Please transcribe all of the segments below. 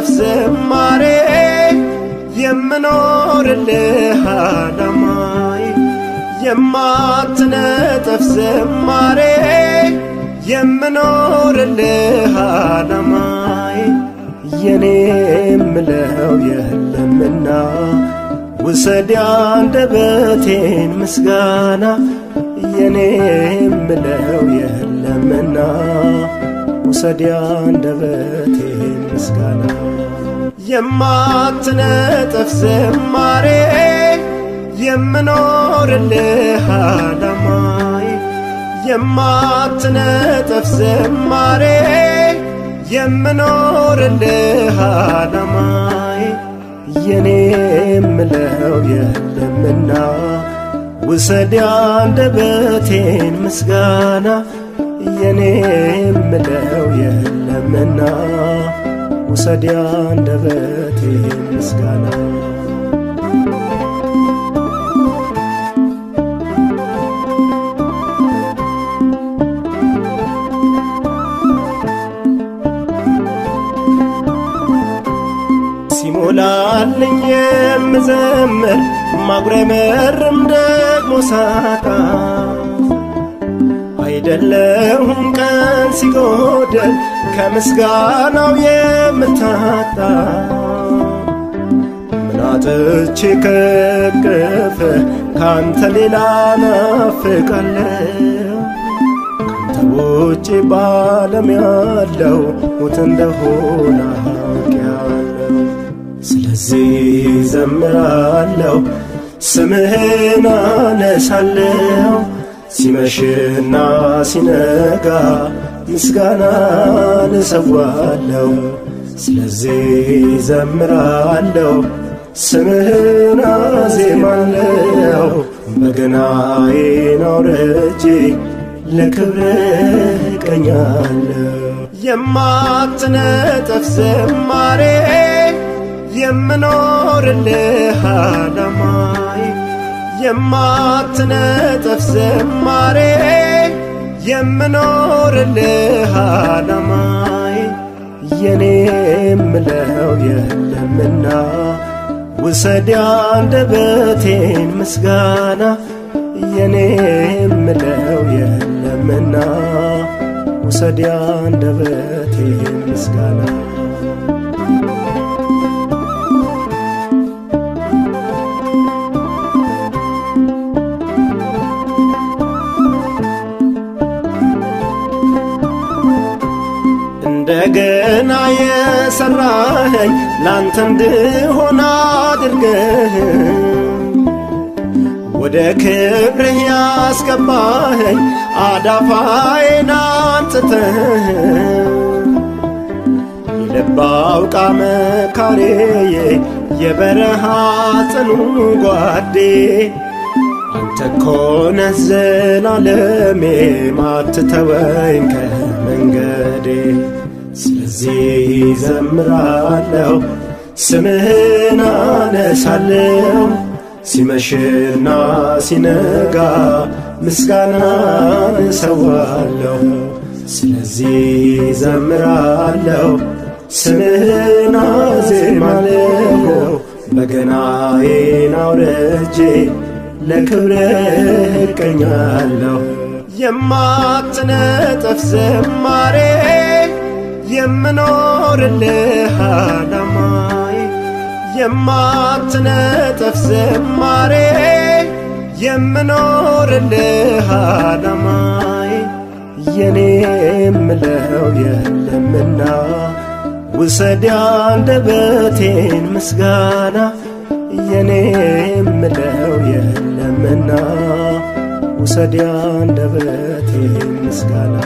የመጽሐፍ ዝማሬ የምኖርልህ ዓላማይ የማትነጠፍ ዝማሬ የምኖርልህ ዓላማይ የኔ ምለው የለምና ውሰድ አንደበቴን ምስጋና የኔ ምለው የለምና ውሰድ አንደበቴን የማትነጥፍ ዝማሬ የምኖርልህ አላማይ የማትነጥፍ ዝማሬ የምኖርልህ አላማይ የኔ ምለው የለምና ውሰድ አንደበቴን ምስጋና የኔ ምለው የለምና ውሰድ ያንደበቴ ምስጋና ሲሞላልኝ የምዘምር ማጉረመርም ደግሞ ሳጣ አይደለሁም ቀን ሲጎደል ከምስጋናው የምታጣ ምናጥቼ ከቅፍ ካንተ ሌላ ናፍቃለ ካንተ ውጭ ባለም ያለው ሞት እንደሆነ አውቃለሁ። ስለዚህ ዘምራለሁ ስምህን አነሳለው ሲመሽና ሲነጋ ምስጋና እሰዋለሁ፣ ስለዚህ ዘምራለሁ፣ ስምህን አዜማለሁ። በገናዬን አውርጄ ለክብርህ እቀኛለሁ። የማትነጠፍ ዝማሬ የምኖርልህ አለው የማትነጠፍ ዝማሬ የምኖርልህ ዓላማዬ የኔ ምለው የለምና ውሰድ በቴን ምስጋና የኔ ምለው የለምና ውሰድ አንደበቴን ምስጋና እንደገና የሰራኸኝ ላንተ እንድሆን አድርገህ ወደ ክብርህ ያስገባኸኝ አዳፋዬን አንጽተህ የልባው የበረሃ ጽኑ ጓዴ አንተ ኮነ ዘላለሜ ማትተወኝ ከመንገዴ ስለዚህ ዘምራለሁ፣ ስምህን አነሳለሁ። ሲመሽና ሲነጋ ምስጋናን እሰዋለሁ። ስለዚህ ዘምራለሁ፣ ስምህን አዜማለሁ። በገናዬን አውርጄ ለክብርህ እቀኛለሁ። የማትነጠፍ ዘማሬ የምኖርልህ አላማዬ የማትነጠፍ ዝማሬ የምኖርልህ አላማዬ የኔ ምለው የለምና ውሰድ አንደበቴን ምስጋና የኔ ምለው የለምና ውሰድ አንደበቴን ምስጋና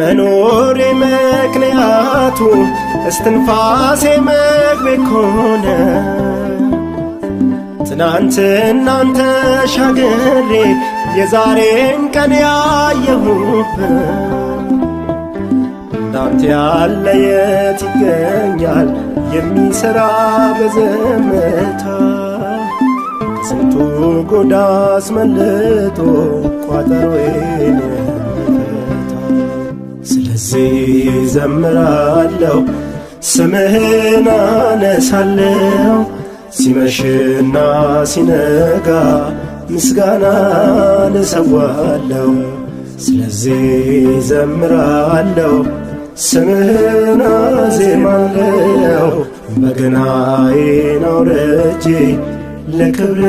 መኖሬ ምክንያቱ እስትንፋሴ መግቤ ኮነ እናንተ ሻገሬ የዛሬን ቀን ያየሁበት እንዳንተ ያለ የት ይገኛል የሚሰራ በዘመታ ስንቱ ጎዳ አስመልጦ ቋጠሮዬን ስለዚህ ዘምራለሁ፣ ስምህን አነሳለሁ። ሲመሽና ሲነጋ ምስጋና ልሰዋለሁ። ስለዚህ ዘምራለሁ፣ ስምህን አዜማለሁ። በገናዬን አውርጄ ለክብር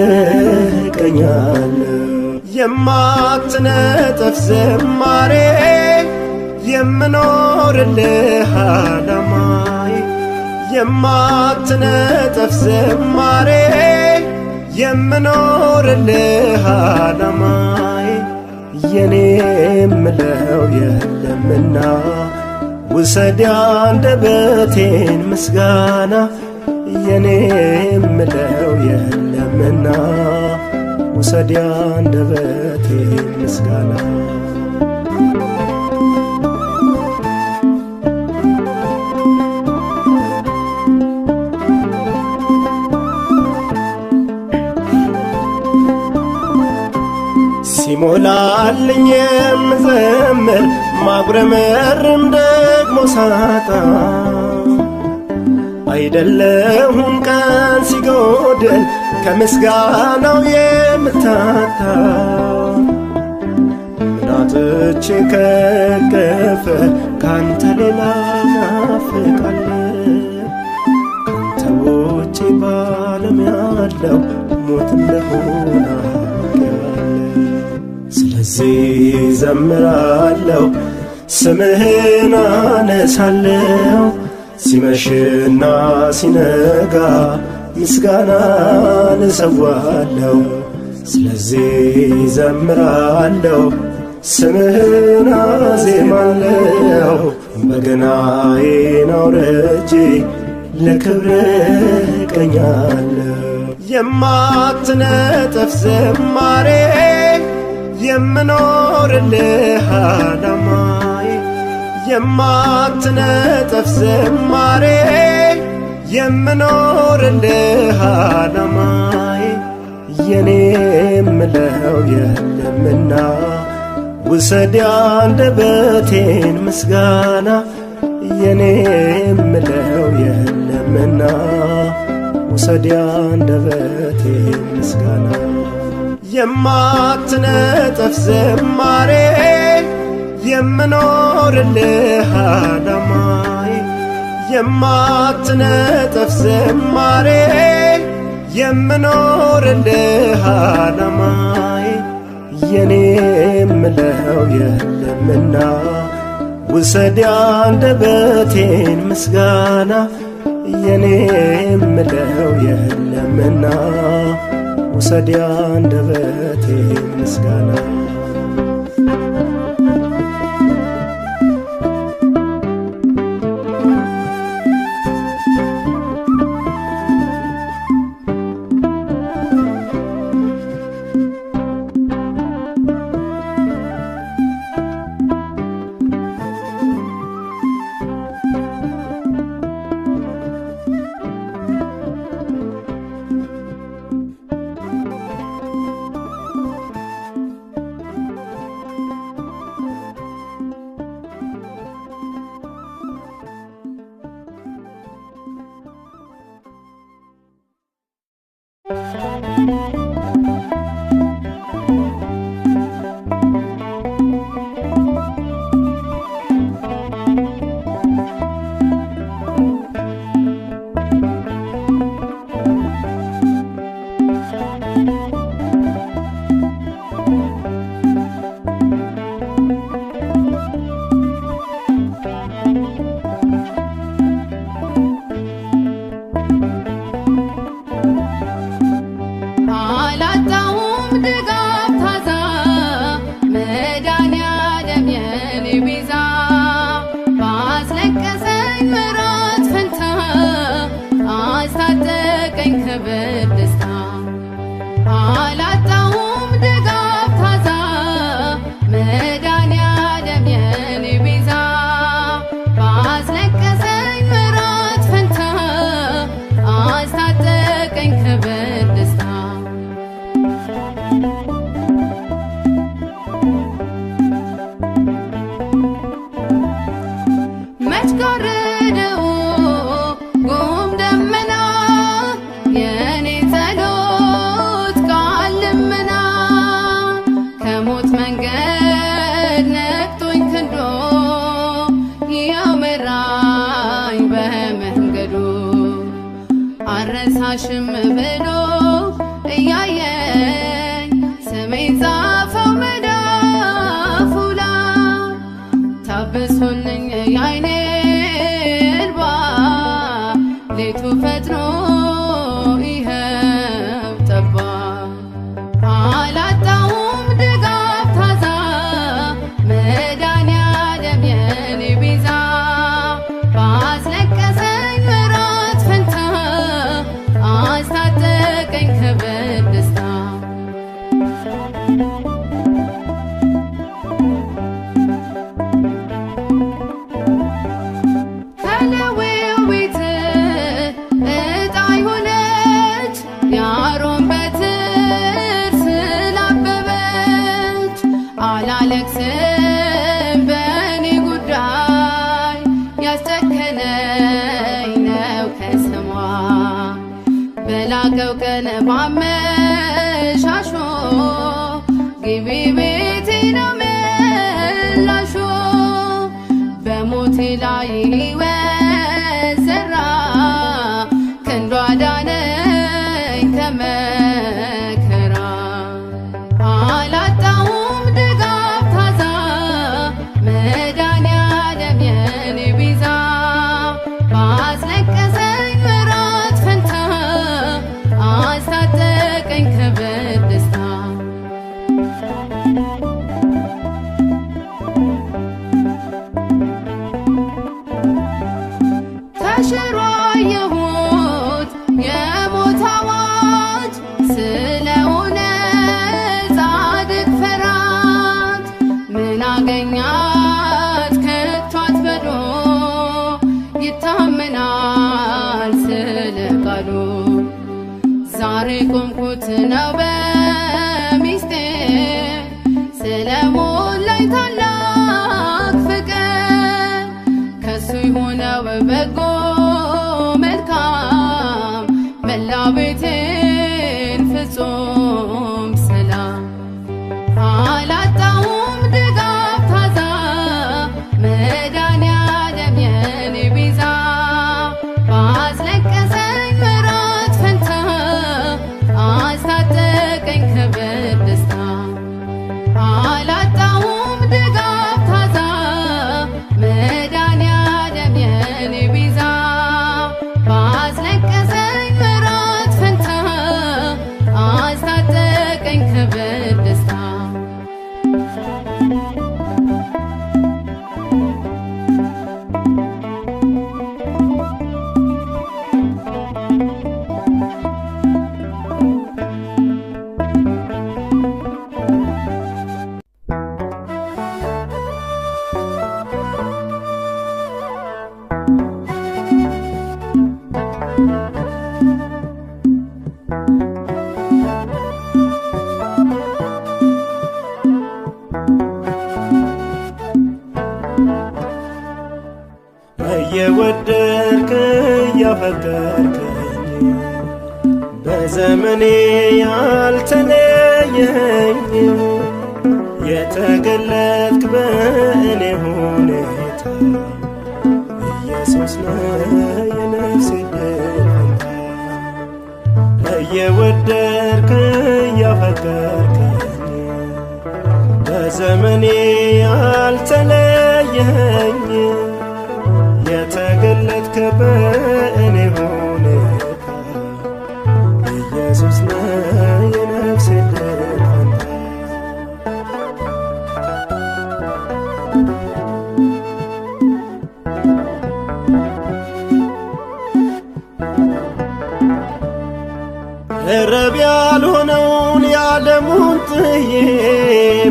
ቀኛለሁ የማትነጠፍ ዝማሬ የምኖርልህ አለማይ የማትነጠፍ ዝማሬ የምኖርልህ አለማይ የኔ ምለው የለምና ውሰድ አንደበቴን ምስጋና የኔ ምለው የለምና ውሰድ አንደበቴን ምስጋና ሲሞላልኝ የምዘምር ማጉረመርም ደግሞ ሳጣ አይደለሁም ቀን ሲጎድል ከምስጋናው የምታታ ምናቶቼ ከገፈ ካንተ ሌላ ናፍቃለ ካንተ ውጭ ባለም ያለው ሞት እንደሆና ስለዚህ ዘምራለሁ፣ ስምህን አነሳለሁ። ሲመሽና ሲነጋ ምስጋና እሰዋለሁ። ስለዚህ ዘምራለሁ፣ ስምህን አዜማለሁ። በገናዬን አውርጄ ለክብርህ እቀኛለሁ። የማትነጥፍ ዝማሬ የምኖርልህ አላማዬ የማትነጠፍ ዝማሬ የምኖርልህ አላማዬ የኔ ምለው የለምና ውሰድ አንደበቴን ምስጋና የኔ ምለው የለምና ውሰድ አንደበቴን ምስጋና የማትነጠፍ ዝማሬ የምኖርልህ አዳማዬ የማትነጠፍ ዝማሬ የምኖርልህ አዳማዬ የኔ ምለው የለምና ውሰድ አንደበቴን ምስጋና የኔ ምለው የለምና ውሰድ አንደበቴ ምስጋና አላለቅስም በእኔ ጉዳይ ያስጨከነኝ ነው ከስሟ በላቀው ቀን ባመሻሾ ግቢ ቤቴ ነው ምላሾ በሞቴ ላይ አልተለየኝ የተገለጥክ በእኔ ሆነ ኢየሱስ ነ የነፍሴ ደንታ እረብ ያልሆነ ሰውን ጥዬ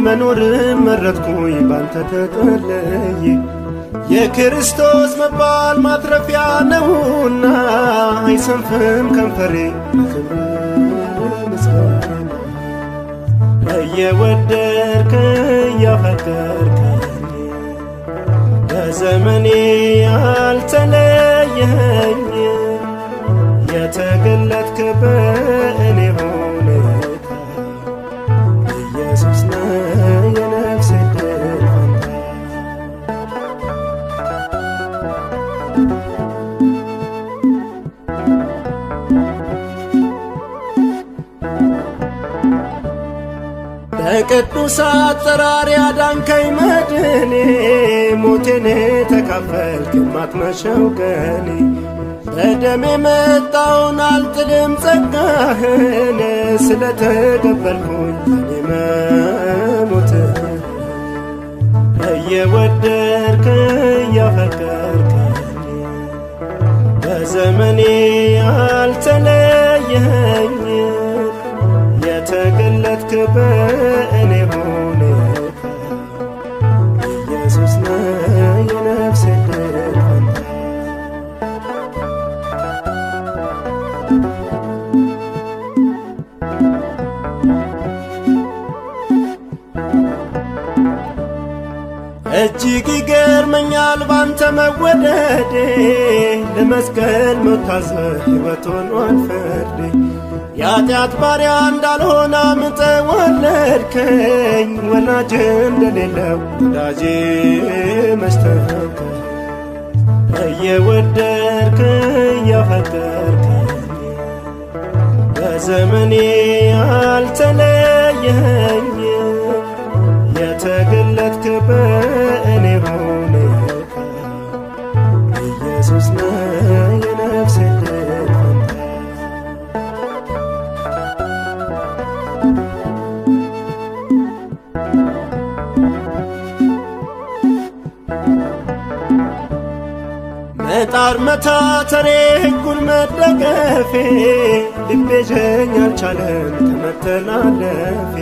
መኖር መረጥኩኝ ባንተ ተጠለዬ የክርስቶስ መባል ማትረፊያ ነውና አይሰንፍም ከንፈሬ በዘመኔ የተገለጥክ በእኔ በቅዱስ አጠራር ያዳንከኝ መድኔ ሞቴን ተካፈልክ የማትመሸው ቀኔ በደሜ መጣውን አልጥልም ጸጋህን ስለተቀበልኩኝ መሞት እየወደድክ እያፈቀርክ በዘመኔ ያልተለየኝ አንተ በእኔ ሆነ ኢየሱስ ነ የነፍሴ እጅግ ይገርመኛል ባንተ መወደዴ ለመስቀል መታዘ ሕይወት ሆኗል የኃጢአት ባሪያ እንዳልሆነ አምጥተህ ወለድከኝ፣ ወላጅ እንደሌለው ወዳጄ መስተከ እየወደድከኝ ያፈቀርከኝ በዘመኔ አልተለየኝ የተገለጥክ በእኔ ሆ ከጣር መታተሬ ሕጉን መደገፌ ልቤ ጀኝ አልቻለም ከመተላለፌ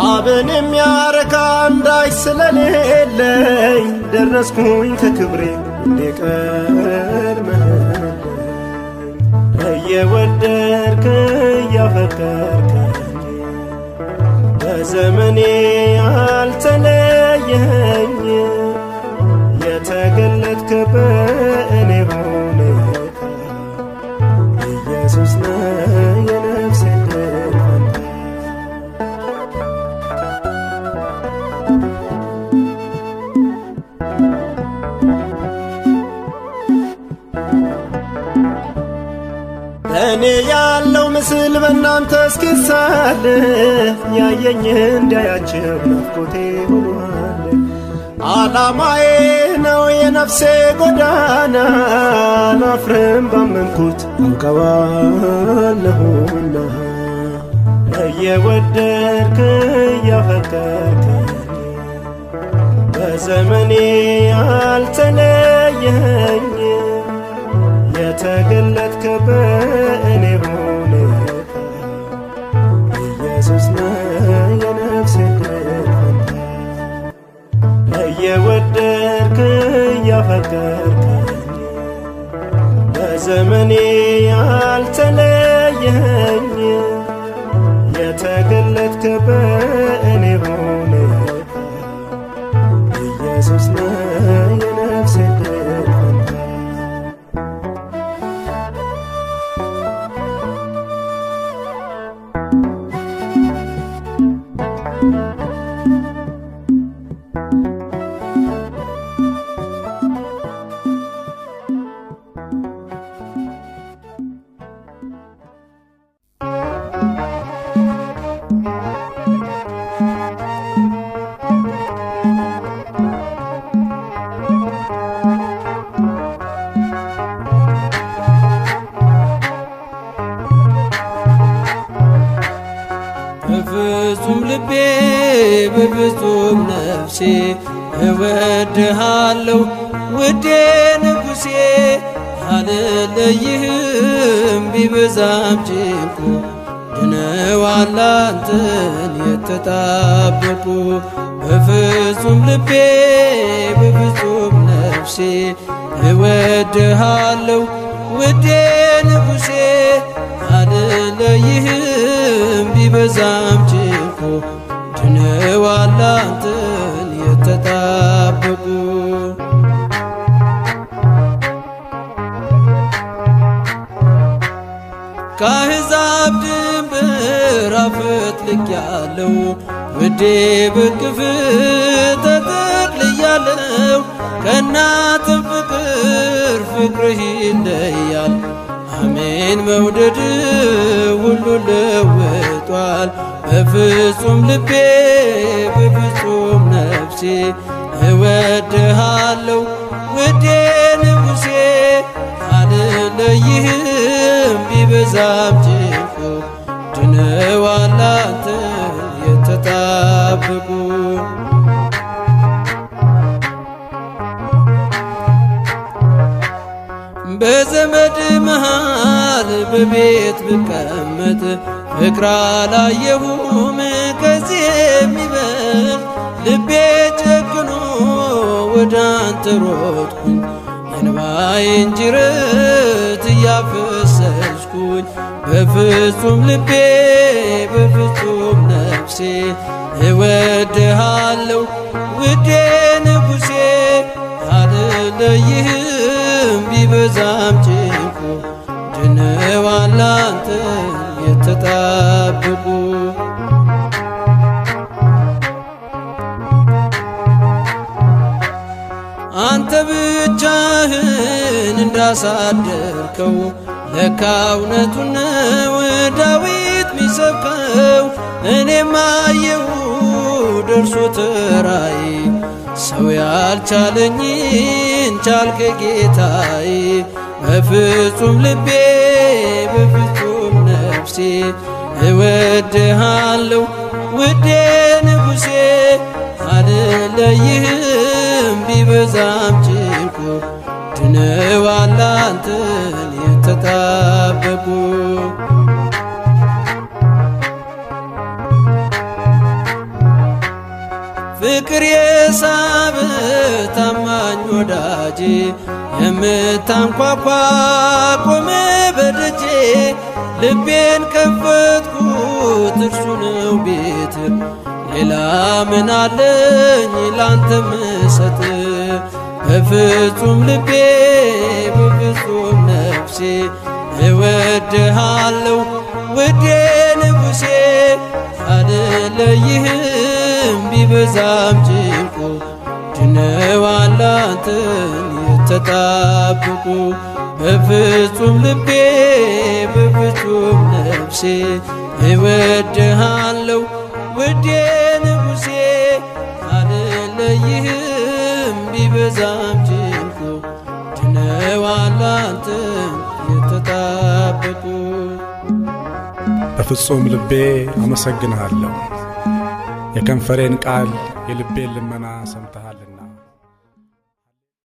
አብን የሚያረካ አንዳች ስለሌለኝ ደረስኩኝ ከክብሬ እንዲቀድመለኝ እየወደድክ እያፈቀርከኝ በዘመኔ አልተለየኝ የተገለጥክ በእኔ በሁኔታ ኢየሱስ ነ የነፍሴ ድንቅ በእኔ ያለው ምስል በእናንተ እስኪሳልፍ ያየኝ እንዲያያቸው ናፍቆቴ ሆኗል አላማዬ ነው የነፍሴ ጎዳና አላፍርም ባመንኩት አንቀባለሁና እየወደድክ እያፈቀርክ በዘመኔ ያልተለየኝ የተገለጥክ በእኔ ሆነ ኢየሱስ ነ የነፍሴ እየወደድክ ያፍቀርከኝ በዘመኔ ያልተለየኝ የተገለጥክ በእኔ ሆነ ኢየሱስ ወድሃለሁ ውዴ ንጉሴ አልለይህም ቢበዛም ጭንቁ ድነዋል የተጣበቁ በፍጹም ልቤ በፍጹም ነፍሴ እወድሃለሁ ውዴ ንጉሴ አልለይህም ቢበዛም ጭንቁ ድነዋል አትጠብቁ። ከአሕዛብ ድንበር አፈጥልቄአለሁ፣ ውዴ ብቅ ተጠቅልያለሁ። ከእናት ፍቅር ፍቅርህ ይለያል፣ አሜን መውደድ ሁሉ ለወጧል በፍጹም ልቤ በፍጹም እወድሃለሁ ውዴ ንጉሴ አልለይህም ቢበዛም ጭንቁ ድነዋል አንተ የተጣበቁ በዘመድ መሃል በቤት ብቀመጥ ፍቅር አላየሁም ከዚህ የሚ ልቤ ጨክኖ ወደ አንተ ሮጥኩኝ የእንባዬን ጅረት እያፈሰስኩኝ በፍጹም ልቤ በፍጹም ነፍሴ እወድሃለሁ ውዴ ንጉሴ አልለይህም ቢበዛም ጭንቁ ድነዋላንተ የተጣብቁ ብቻህን እንዳሳደርከው ለካ እውነቱን ነው ዳዊት ሚሰብከው። እኔም አየሁ ደርሶ ተራይ ሰው ያልቻለኝን ቻልከ ጌታይ። በፍጹም ልቤ በፍጹም ነፍሴ እወድሃለሁ ውዴ ንጉሴ አልለይህም ቢበዛም ጭንቁ ድነዋል አንተን የተጣበቁ ፍቅር የሳብ ታማኝ ወዳጄ የምታንኳኳ ቆመ በደጄ ልቤን ከፈትኩት እርሱ ነው ቤት ሌላ ምን አለኝ ላንተ ምሰጥ በፍጹም ልቤ በፍጹም ነፍሴ እወድሃለሁ ውዴ ንጉሴ አልለይህም ቢበዛም ጭንቁ ድነዋል አንተን የተጣበቁ በፍጹም ልቤ በፍጹም ነፍሴ እወድሃለሁ ውዴ አልበዛም ጭንቁ ድነዋል አንተን የተጣበቁ። በፍጹም ልቤ አመሰግንሃለሁ የከንፈሬን ቃል የልቤን ልመና ሰምተሃል።